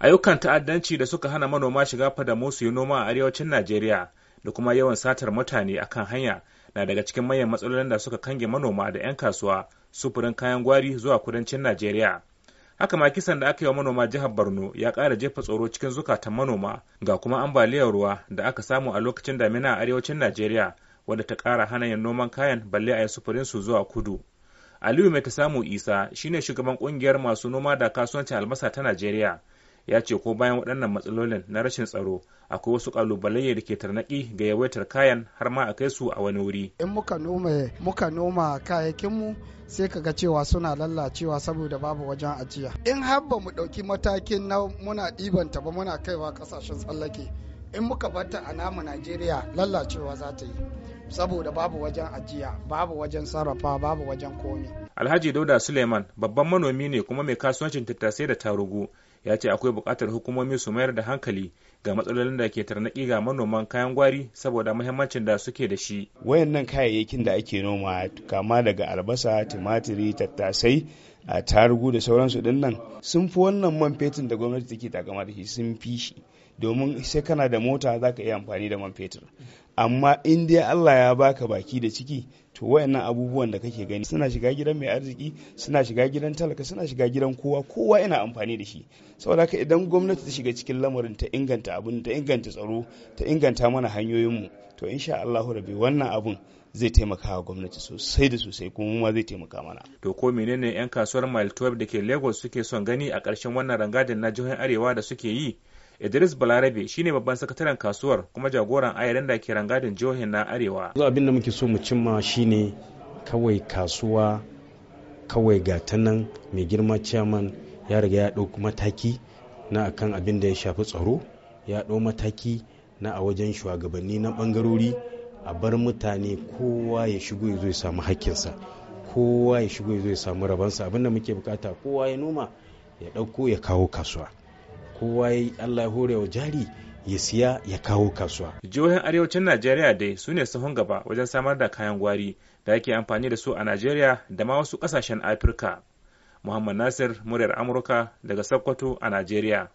ayyukan ta'addanci da suka hana manoma shiga fadamu su yi noma a arewacin najeriya da kuma yawan satar mutane akan hanya na daga cikin manyan matsalolin da suka kange manoma da 'yan kasuwa sufurin kayan gwari zuwa kudancin najeriya haka ma kisan da aka yi wa manoma jihar borno ya ƙara jefa tsoro cikin zukatan manoma ga kuma ambaliyar ruwa da aka samu a lokacin damina a arewacin najeriya wanda ta ƙara hana yin noman kayan balle a yi sufurin su zuwa kudu aliyu mai ta samu isa shine shugaban ƙungiyar masu noma da kasuwancin albasa ta najeriya ya ce ko bayan waɗannan matsalolin na rashin tsaro akwai wasu kalubalai da ke tarnaki ga yawaitar kayan har ma a kai su a wani wuri in muka noma muka noma kayayyakinmu sai ka ga cewa suna lallacewa saboda babu wajen ajiya in har ba mu ɗauki matakin na muna ɗibanta ba muna kaiwa ƙasashen tsallake in muka batta a namu najeriya lallacewa za ta yi saboda babu wajen ajiya babu wajen sarrafa babu wajen komi alhaji dauda suleiman babban manomi ne kuma mai kasuwancin tattasai da tarugu ya ce akwai buƙatar hukumomi su mayar da hankali ga matsalolin da ke tarnaƙi ga manoman kayan gwari saboda muhimmancin da suke da shi wayannan kayayyakin da ake noma kama daga albasa tumatiri tattasai a tarugu da sauransu din nan sun fi wannan man fetur da gwamnati take takama da shi sun fi shi domin sai kana da mota za ka iya amfani da man fetur amma in dai allah ya baka baki da ciki to wayannan abubuwan da kake gani suna shiga gidan mai arziki suna shiga gidan talaka suna shiga gidan kowa kowa yana amfani da shi saboda haka idan gwamnati ta shiga cikin lamarin ta inganta abin ta inganta tsaro ta inganta mana hanyoyin mu to insha Allahu rabi wannan abun zai taimaka wa gwamnati sosai da sosai kuma ma zai taimaka mana. To ko menene 'yan kasuwar Mile 12 da ke Lagos suke son gani a karshen wannan rangadin na jihohin Arewa da suke yi Idris Balarabe shine babban sakataren kasuwar kuma jagoran ayaran da ke rangadin jihohin na Arewa. Abin da muke so mu cimma shine kawai kasuwa kawai gata nan mai girma ciyaman ya riga ya ɗauki mataki na akan abin da ya shafi tsaro ya ɗau mataki na a wajen shugabanni na bangarori a bar mutane kowa ya shigo ya zo ya samu hakkinsa kowa ya shigo ya zo ya samu rabansa abin da muke bukata kowa ya noma ya ɗauko ya kawo kasuwa kowa ya yi Allah ya wa jari ya siya ya kawo kasuwa. Jihohin arewacin Najeriya dai su ne sahun gaba wajen samar da kayan gwari da ake amfani da su a Najeriya da ma wasu ƙasashen Afirka. Muhammad Nasir, muryar Amurka daga Sokoto a Najeriya.